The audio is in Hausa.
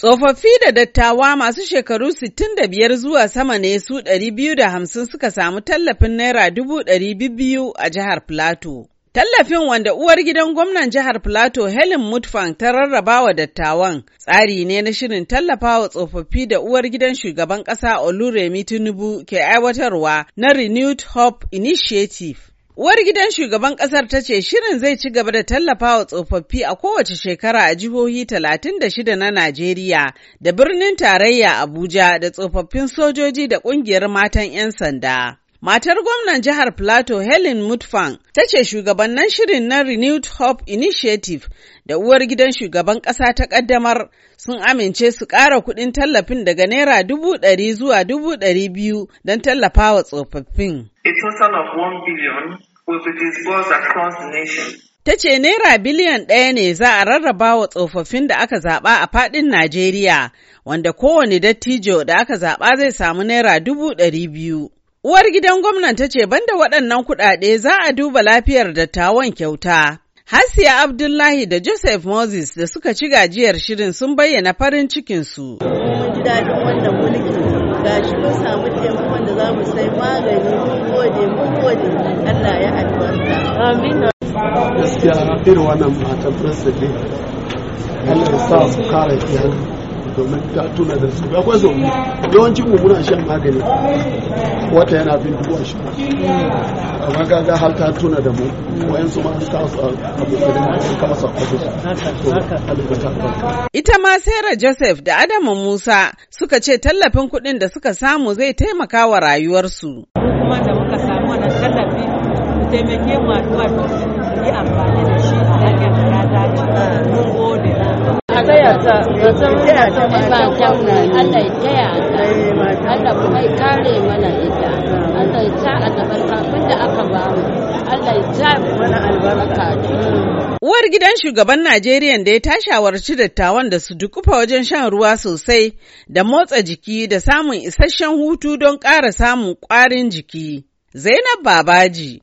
Tsofaffi da dattawa masu shekaru 65 zuwa sama ne su 250 suka samu tallafin Naira 200,000 a jihar Filato. Tallafin wanda uwar gidan gwamnan jihar Filato Helen Mutfang ta rarraba wa dattawan tsari ne na shirin tallafawa tsofaffi da uwar gidan shugaban ƙasa Oluremi Tinubu ke aiwatarwa na Renewed Hope Initiative. Uwar gidan shugaban kasar ta ce shirin zai ci gaba da tallafawa tsofaffi a kowace shekara a jihohi 36 na Najeriya da birnin tarayya Abuja da tsofaffin sojoji da kungiyar matan 'yan sanda. Matar gwamnan jihar plato Helen Mutfang ta ce shugabannin shirin na Renewed Hope Initiative da uwar gidan shugaban ƙasa ta ƙaddamar sun amince su ƙara kuɗin tallafin daga Naira dubu ɗari zuwa dubu ɗari biyu don tallafawa tsofaffin. A total of 1 Ta ce Naira biliyan ɗaya ne za a rarraba wa tsofaffin da aka zaɓa a faɗin Najeriya, wanda kowane dattijo da aka zaɓa zai samu Naira dubu ɗari biyu. Uwar gidan gwamnan ta ce banda waɗannan kuɗaɗe za a duba lafiyar dattawan kyauta. Hasiya Abdullahi da Joseph Moses da suka ci gajiyar shirin sun bayyana farin cikinsu. Mun Allah amina gaskiya irin wannan matan president Allah ya sa su kare kiyan domin ta tuna da su akwai sau yawancin mu muna shan magani wata yana bin duwa shi amma gaga har ta tuna da mu wayan su ma an kawo su abokan an kawo su abokan ita ma Sarah Joseph da Adamu Musa suka ce tallafin kuɗin da suka samu zai taimaka wa rayuwarsu kuma da muka samu wannan tallafi taimake mu addu'a to yi amfani da shi a hanyar da dace mun ta mu Allah Uwar gidan shugaban Najeriya da ya tashawarci dattawan da su dukufa wajen shan ruwa sosai da motsa jiki da samun isasshen hutu don ƙara samun ƙwarin jiki. Zainab Babaji,